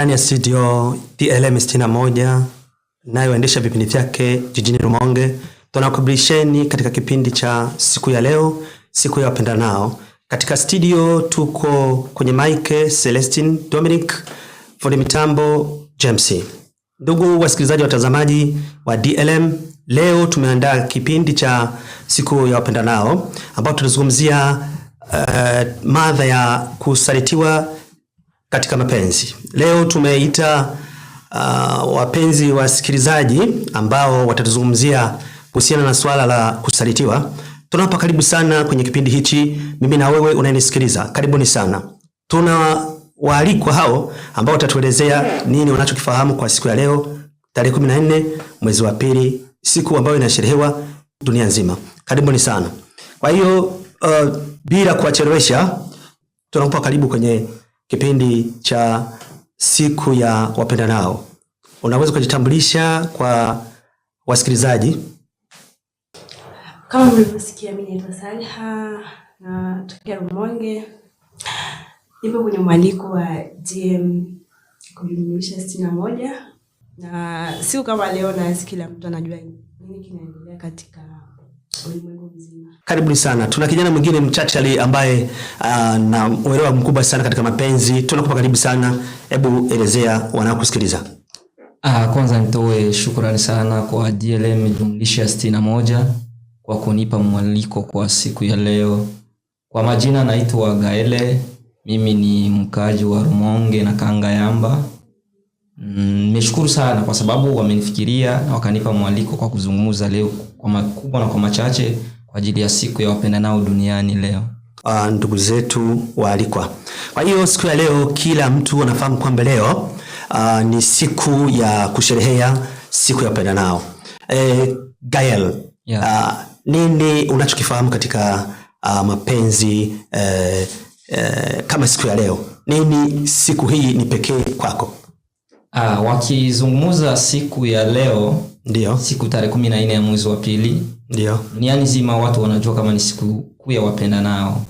ndani ya studio PLM 61 nayoendesha vipindi vyake jijini Rumonge. Tunakukaribisheni katika kipindi cha siku ya leo, siku ya wapendanao. Katika studio tuko kwenye mike Celestin Dominic, fundi mitambo James. Ndugu wasikilizaji, watazamaji wa DLM, leo tumeandaa kipindi cha siku ya wapendanao ambao tunazungumzia uh, madha ya kusalitiwa katika mapenzi. Leo tumeita uh, wapenzi wasikilizaji ambao watatuzungumzia kuhusiana na swala la kusalitiwa. Tunawapa karibu sana kwenye kipindi hichi, mimi na wewe unayenisikiliza, karibuni sana. Tuna waalikwa hao ambao watatuelezea nini wanachokifahamu kwa siku ya leo tarehe 14 mwezi wa pili, siku ambayo inasherehewa dunia nzima. Karibuni sana. Kwa hiyo uh, bila kuwachelewesha tunakupa karibu kwenye kipindi cha siku ya wapenda nao Unaweza kujitambulisha kwa wasikilizaji? Kama mlivyosikia, mimi naitwa Salha na tokea Rumonge, nipo kwenye mwaliko wa GM kujumlisha sitini na moja na siku kama leo, na kila mtu anajua nini kinaendelea katika Karibuni sana. Tuna kijana mwingine mchache ambaye uh, na uelewa mkubwa sana katika mapenzi. Tunakupa karibu sana, hebu elezea wanaokusikiliza. Ah, kwanza nitoe shukrani sana kwa DLM jumlisha sitini na moja kwa kunipa mwaliko kwa siku ya leo. Kwa majina naitwa Gaele, mimi ni mkaaji wa Rumonge na yamba Nimeshukuru mm, sana kwa sababu wamenifikiria na wakanipa mwaliko kwa kuzungumza leo kwa makubwa na kwa machache kwa ajili ya siku ya wapendanao duniani leo. Uh, ndugu zetu waalikwa. Kwa hiyo siku ya leo kila mtu anafahamu kwamba leo uh, ni siku ya kusherehea siku ya wapendanao. e, Gael, yeah. Uh, nini unachokifahamu katika uh, mapenzi eh, eh, kama siku ya leo? Nini siku hii ni pekee kwako? uh, ah, wakizungumza siku ya leo ndio siku tarehe kumi na nne ya mwezi wa pili ndio duniani zima watu wanajua kama ni siku kuu ya wapenda nao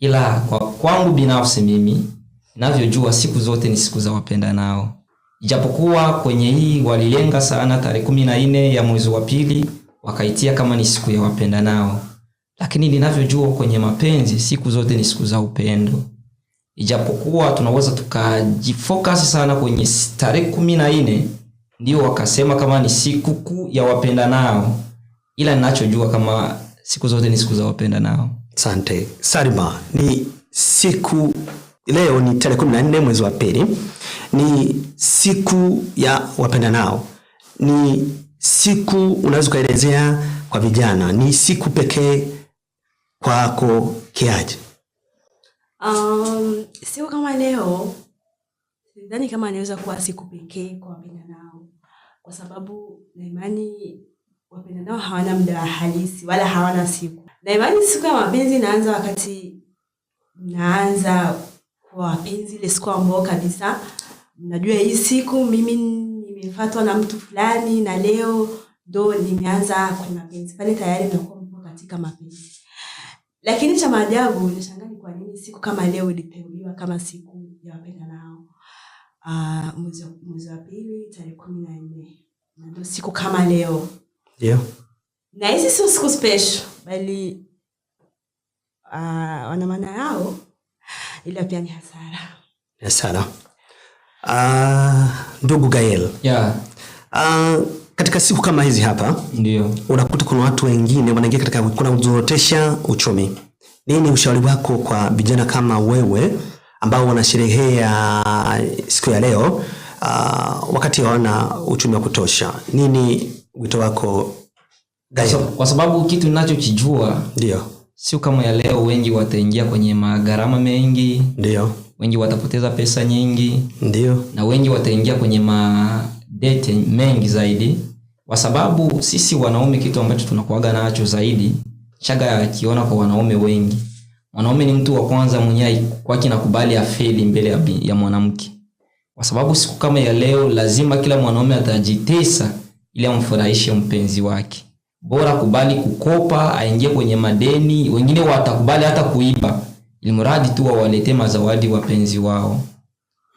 ila kwa, kwangu binafsi mimi navyojua siku zote ni siku za wapenda nao ijapokuwa kwenye hii walilenga sana tarehe kumi na nne ya mwezi wa pili wakaitia kama ni siku ya wapenda nao lakini ninavyojua kwenye mapenzi siku zote ni siku za upendo ijapokuwa tunaweza tukajifocus sana kwenye tarehe kumi na nne ndio wakasema kama ni sikukuu ya wapenda nao ila ninachojua kama siku zote ni siku za nao sante sarima ni siku leo ni tarehe kumi na nne mwezi wa pili, ni siku ya wapenda nao ni siku unaweza ukaelezea kwa vijana, ni siku pekee kwako kiaje? Um, siku kama leo sidhani kama anaweza kuwa siku pekee kwa wapendanao, kwa sababu naimani wapendanao hawana muda wa halisi wala hawana siku. Naimani siku ya mapenzi inaanza wakati mnaanza kwa wapenzi, ile siku ambao kabisa mnajua hii siku mimi nimefatwa na mtu fulani, na leo ndo nimeanza kwenye mapenzi pale, tayari mnakuwa mko katika mapenzi. Lakini cha maajabu nashangaa kwa nini siku kama leo ilipeuliwa kama siku ya wapendanao uh, ah, mwezi wa pili tarehe kumi na nne ndio siku kama leo ndio yeah. Na hizi sio siku special bali uh, wana maana yao, ila pia ni hasara hasara. Uh, ndugu Gael yeah. uh, katika siku kama hizi hapa ndio unakuta kuna watu wengine wanaingia katika kuna kuzorotesha uchumi. Nini ushauri wako kwa vijana kama wewe ambao wanasherehea eh, siku ya leo uh, wakati hawana uchumi wa kutosha? Nini wito wako Daya? Kwa sababu kitu ninachokijua ndio siku kama ya leo, wengi wataingia kwenye magharama mengi, ndio wengi watapoteza pesa nyingi, ndio na wengi wataingia kwenye ma mengi zaidi kwa sababu sisi wanaume kitu ambacho tunakuaga nacho zaidi, Chaga akiona kwa wanaume wengi, mwanaume ni mtu wa kwanza mwenyewe kwake nakubali afeli mbele ya mwanamke, kwa sababu siku kama ya leo lazima kila mwanaume atajitesa ili amfurahishe mpenzi wake. Bora kubali kukopa, aingie kwenye madeni, wengine watakubali hata kuiba, ili mradi tu wawaletee mazawadi wapenzi wao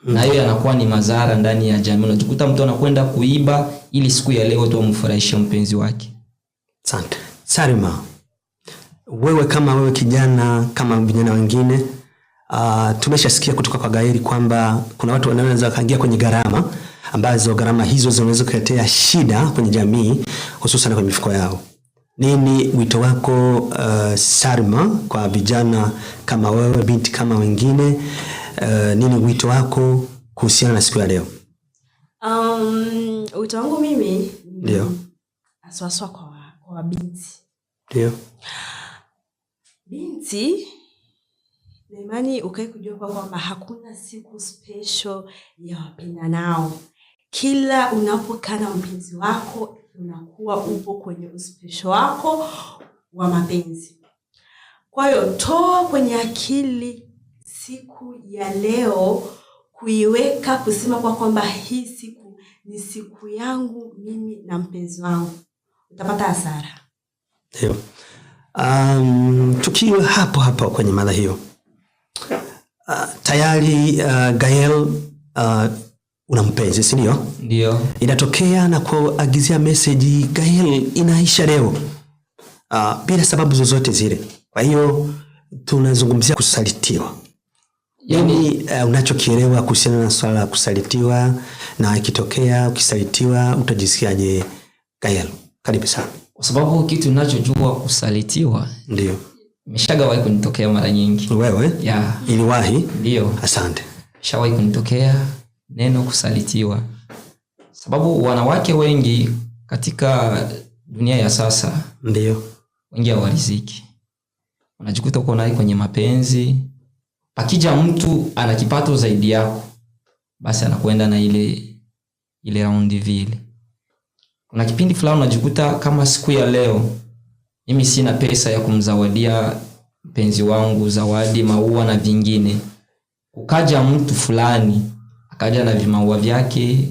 na hiyo yanakuwa ni madhara ndani ya jamii. Unajikuta mtu anakwenda kuiba ili siku ya leo tu amfurahishe mpenzi wake. Asante Sarima, wewe kama wewe kijana kama vijana wengine uh, tumeshasikia kutoka kwa Gairi kwamba kuna watu wanaweza wakaingia kwenye gharama ambazo gharama hizo zinaweza kuletea shida kwenye jamii hususan kwenye mifuko yao. Nini wito wako uh, ah, sarma kwa vijana kama wewe, binti kama wengine Eh, nini wito wako kuhusiana na siku ya leo? Um, wito wangu mimi ndio aswaswa kwa, kwa binti ndio binti naimani ukae kujua kwa kwamba hakuna siku special ya wapenda nao. Kila unapokaa na mpenzi wako unakuwa upo kwenye uspesho wako wa mapenzi. Kwa hiyo toa kwenye akili siku ya leo, kuiweka kusema kwa kwamba hii siku ni siku yangu mimi na mpenzi wangu, utapata hasara. Ndio. Um, tukiwa hapo hapo kwenye mada hiyo, uh, tayari uh, Gael uh, una mpenzi si ndio? Ndio. Inatokea na kuagizia meseji Gael inaisha leo uh, bila sababu zozote zile. Kwa hiyo tunazungumzia kusalitiwa yani uh, yaani, eh, unachokielewa kuhusiana na swala la kusalitiwa na ikitokea ukisalitiwa utajisikiaje Kayalo? Karibu sana. Kwa sababu kitu nachojua kusalitiwa ndio imeshagawahi kunitokea mara nyingi. Wewe? Yeah. Iliwahi? Ndio. Asante. Shawahi kunitokea neno kusalitiwa. Sababu wanawake wengi katika dunia ya sasa ndio wengi hawariziki. Unajikuta uko naye kwenye mapenzi, Pakija mtu ana kipato zaidi yako, basi anakwenda na ile ile raundi vile. Kuna kipindi fulani unajikuta kama siku ya leo mimi sina pesa ya kumzawadia mpenzi wangu zawadi, maua na vingine. Kukaja mtu fulani akaja na vimaua vyake,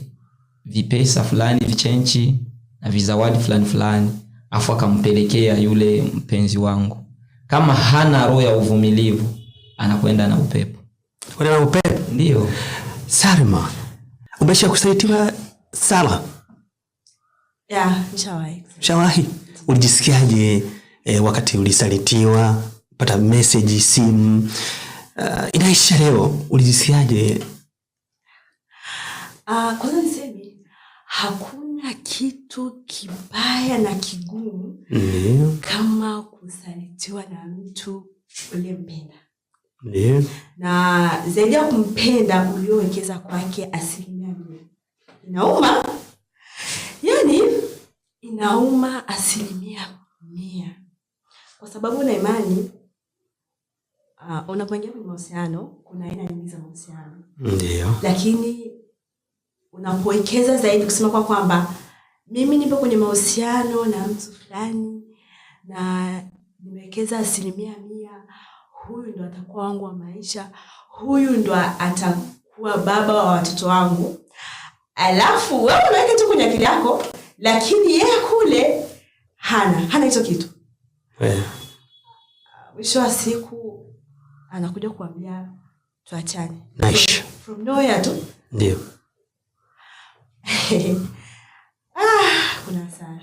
vipesa fulani, vichenchi na vizawadi fulani fulani, afu akampelekea yule mpenzi wangu. Kama hana roho ya uvumilivu anakwenda na upepo. Kwenda na upepo? Ndio. Salma, umesha kusaitiwa sala? Yeah, nishawahi. Shawahi. Ulijisikiaje eh, wakati ulisalitiwa, pata message, simu uh, inaisha leo, ulijisikiaje? Uh, kwanza niseme hakuna kitu kibaya na kigumu mm, kama kusalitiwa na mtu mpenda na zaidi ya kumpenda uliowekeza kwake asilimia mia. Inauma yani, inauma asilimia mia, kwa sababu na imani uh, kwenye mahusiano kuna aina nyingi za mahusiano ndio, lakini unapowekeza zaidi kusema kwa kwamba mimi nipo kwenye mahusiano na mtu fulani na nimewekeza asilimia mia huyu ndo atakuwa wangu wa maisha, huyu ndo atakuwa baba wa watoto wangu, alafu wewe unaweka tu kwenye akili yako, lakini yeye kule hana hana hicho kitu yeah. Mwisho wa siku anakuja kuambia tuachane, nice. from nowhere tu ndio. Ah, kuna hasara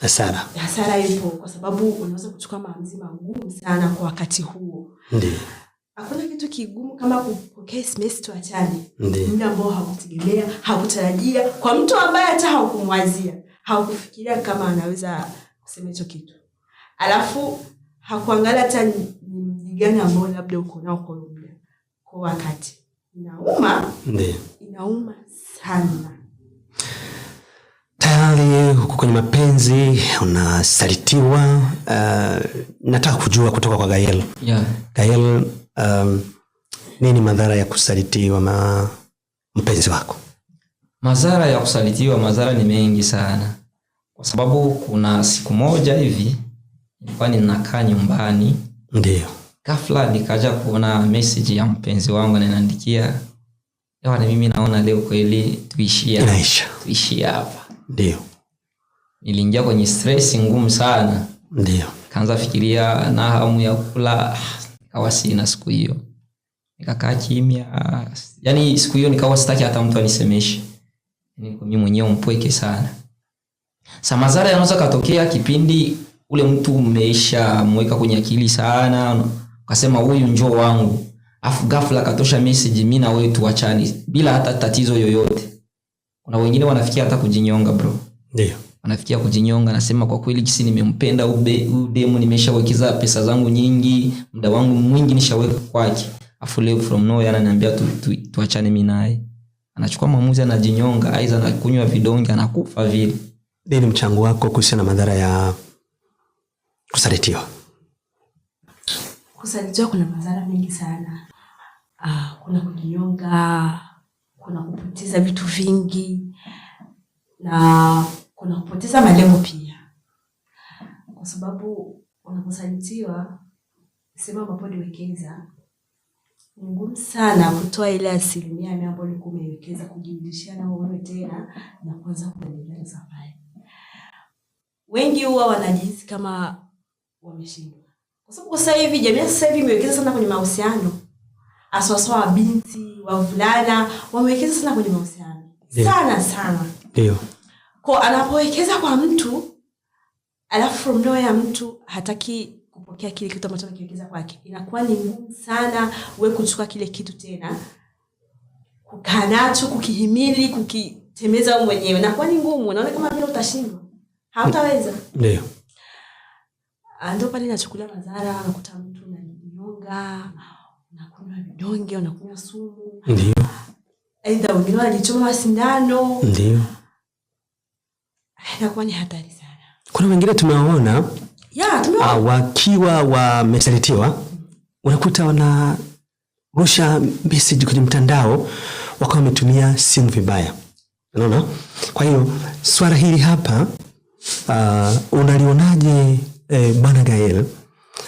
hasara. Hasara ipo kwa sababu unaweza kuchukua maamuzi magumu sana kwa wakati huo. Ndio. Hakuna kitu kigumu kama kupokea SMS tu muda ambao hakutegemea, hakutarajia, kwa mtu ambaye hata haukumwazia, haukufikiria kama anaweza kusema hicho kitu, alafu hakuangalia hata ni mji gani ambao labda uko nao kwa kwa wakati. Inauma, ndio, inauma sana pale huko kwenye mapenzi unasalitiwa. Uh, nataka kujua kutoka kwa Gael. Yeah. Gael, um, nini madhara ya kusalitiwa ma mpenzi wako? Madhara ya kusalitiwa, madhara ni mengi sana, kwa sababu kuna siku moja hivi nilikuwa ninakaa nyumbani, ndio ghafla nikaja kuona message ya mpenzi wangu ananiandikia Yaani mimi naona leo kweli tuishie tuishie hapa. Ndio niliingia kwenye stress ngumu sana, ndio kaanza fikiria na hamu ya kula, nikawa sina siku hiyo, nikakaa kimya. Yani siku hiyo nikawa sitaki hata mtu anisemeshe, yaani mimi mwenyewe mpweke sana. Sa madhara yanaweza katokea kipindi ule mtu umeisha mweka kwenye akili sana, ukasema huyu njoo wangu, afu ghafla katosha message, mimi na wewe tuachane bila hata tatizo yoyote. Kuna wengine wanafikia hata kujinyonga bro, ndio anafikia kujinyonga, anasema kwa kweli kisi nimempenda huyu demu, nimeshawekeza pesa zangu nyingi, muda wangu mwingi nishaweka kwake, afu leo from nowhere ananiambia tuachane tu, tu, mimi naye. Anachukua maamuzi, anajinyonga, aidha anakunywa vidonge, anakufa vile. Nini mchango wako kuhusiana na madhara ya kusalitiwa? Kusalitiwa kuna madhara mengi sana. Ah, kuna kujinyonga, kuna kupoteza vitu vingi na kuna kupoteza malengo pia, kwa sababu unaposalitiwa sema ambapo uliwekeza ni ngumu sana kutoa ile asilimia mia ambayo ulikuwa umewekeza, kujirudishia na wewe tena na kuanza kuendelea na safari. Wengi huwa wanajihisi kama wameshindwa, kwa sababu sasa hivi jamii sasa hivi imewekeza sana kwenye mahusiano, aswaswa wabinti, wavulana wamewekeza sana kwenye mahusiano sana sana, ndio kwa anapowekeza kwa mtu alafu from ya mtu hataki kupokea kile kitu ambacho anakiwekeza kwake, inakuwa ni ngumu sana we kuchukua kile kitu tena kukaa nacho kukihimili kukitemeza wewe mwenyewe, inakuwa ni ngumu. Unaona kama vile utashindwa, hautaweza. Ndio ah, ndio pale nachukulia madhara, unakuta mtu unajinyonga, unakunywa vidonge, unakunywa sumu, ndio aidha wengine wanajichoma sindano, ndio inakuwa ni hatari sana. Kuna wengine tumewaona ah, wakiwa wamesalitiwa, unakuta wanarusha message kwenye mtandao wakawa wametumia simu vibaya, unaona. Kwa hiyo swala hili hapa uh, unalionaje eh, Bwana Gael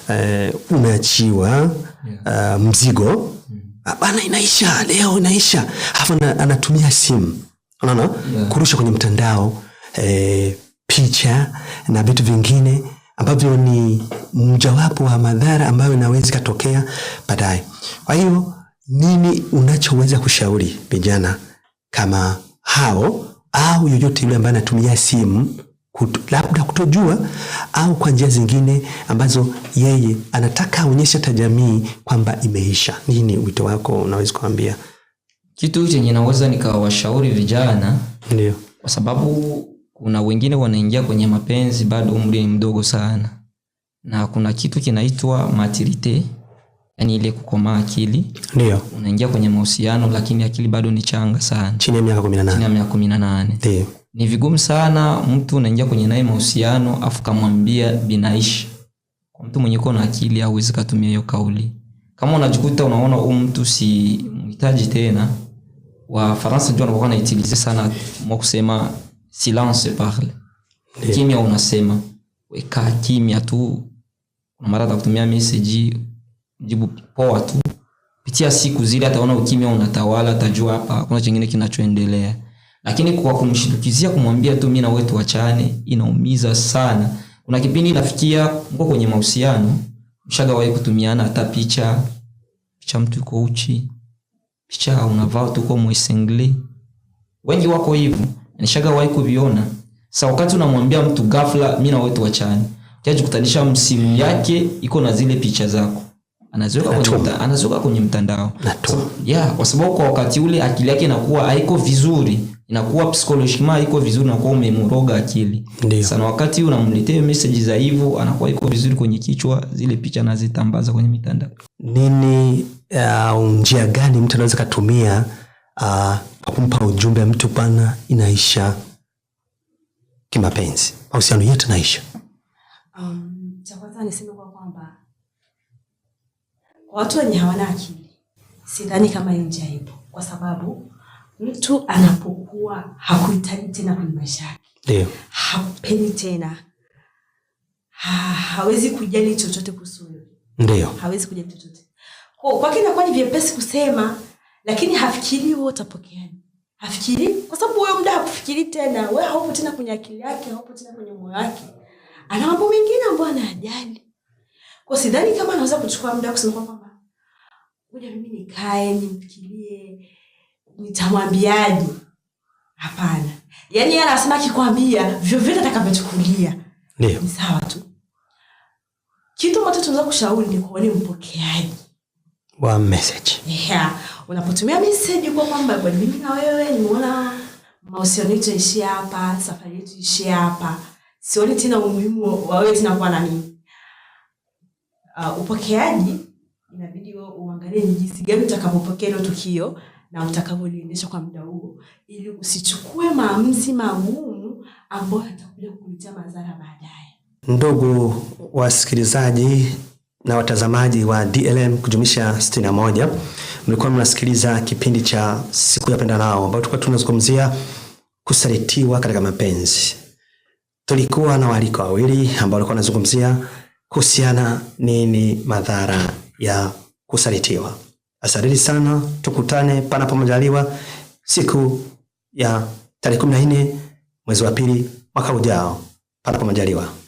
eh, umeachiwa uh, mzigo mm. bana, inaisha leo, inaisha, alafu anatumia simu unaona, kurusha kwenye mtandao e, picha na vitu vingine ambavyo ni mjawapo wa madhara ambayo inaweza kutokea baadaye. Kwa hiyo nini unachoweza kushauri vijana kama hao au yoyote yule ambaye anatumia simu kutu, labda kutojua au kwa njia zingine ambazo yeye anataka aonyeshe hata jamii kwamba imeisha? Nini wito wako unaweza kuambia? Kitu chenye naweza nikawashauri vijana, ndio kwa sababu kuna wengine wanaingia kwenye mapenzi bado umri ni mdogo sana, na kuna kitu kinaitwa maturite, yani ile kukomaa akili. Ndio unaingia kwenye mahusiano, lakini akili bado ni changa sana, chini ya miaka 18, chini ya miaka 18. Ndio ni vigumu sana mtu unaingia kwenye naye mahusiano afu kamwambia binaishi. Kwa mtu mwenye uko na akili hauwezi kutumia hiyo kauli. Kama unajikuta unaona huyu mtu si mhitaji tena, wa Faransa ndio wanakuwa wanaitilize sana mwa kusema silence parle. Yeah. Kimya unasema, weka kimya tu. Kuna mara atakutumia meseji jibu poa tu. Pitia siku zile, ataona ukimya unatawala, atajua hapa kuna chingine kinachoendelea. Lakini kwa kumshindikizia, kumwambia tu mimi na wewe tuachane, inaumiza sana. Kuna kipindi nafikia mko kwenye mahusiano, mshagawahi kutumiana hata picha picha, mtu yuko uchi, picha unavaa tuko mwesengli wengi wako hivyo nishagawahi kuviona. Sa wakati unamwambia mtu ghafla, mi na wewe tuachane, jajikutanisha yaani msimu yake iko na zile picha zako anaziweka kwenye mta, anaziweka kwenye mtandao so, yeah, kwa sababu kwa wakati ule akili yake inakuwa haiko vizuri, inakuwa psikolojikima haiko vizuri, nakuwa umemroga akili sana. Wakati unamletea meseji za hivyo, anakuwa iko vizuri kwenye kichwa, zile picha anazitambaza kwenye mitandao nini. Uh, njia gani mtu anaweza katumia uh, kumpa ujumbe mtu bana, inaisha kimapenzi, mahusiano yetu naisha. Um, cha kwanza niseme kwa kwamba watu wenye hawana akili sidhani kama njia ipo, kwa sababu mtu anapokuwa hakuhitaji tena kwenye maisha yake, ndio hapeni tena ha, hawezi kujali chochote kuhusu, ndio hawezi kujali chochote kwa kwake, inakuwa ni vyepesi kusema lakini hafikirii huo utapokeaje hafikiri kwa sababu huyo muda hakufikiri tena we haupo tena kwenye akili yake haupo tena kwenye moyo wake ana mambo mengine ambayo anaajali kwa sidhani kama anaweza kuchukua muda kusema kwamba ngoja mimi nikae nimfikirie nitamwambiaji hapana yaani anasema akikwambia vyovyote atakavyochukulia ni sawa tu kitu ambacho tunaweza kushauri ni kuone mpokeaji wa message yeah unapotumia message kwa kwamba bwana, mimi na wewe nimeona mahusiano yetu yaishie hapa, safari yetu ishie hapa, sioni tena umuhimu wa wewe tena kuwa na Uh, upokeaji inabidi wewe uangalie ni jinsi gani utakavyopokea hilo tukio na utakavyoliendesha kwa muda huo, ili usichukue maamuzi magumu ambayo yatakuja kukuletea madhara baadaye. Ndugu wasikilizaji na watazamaji wa DLM kujumisha 61 mlikuwa mnasikiliza kipindi cha siku ya nao ambao tulikuwa tunazungumzia kusalitiwa katika mapenzi. Tulikuwa na waliko wawili ambao walikuwa wanazungumzia kuhusiana nini madhara ya kusalitiwa. Asanteni sana, tukutane panapo majaliwa siku ya tarehe 14 mwezi wa pili mwaka ujao, panapo majaliwa.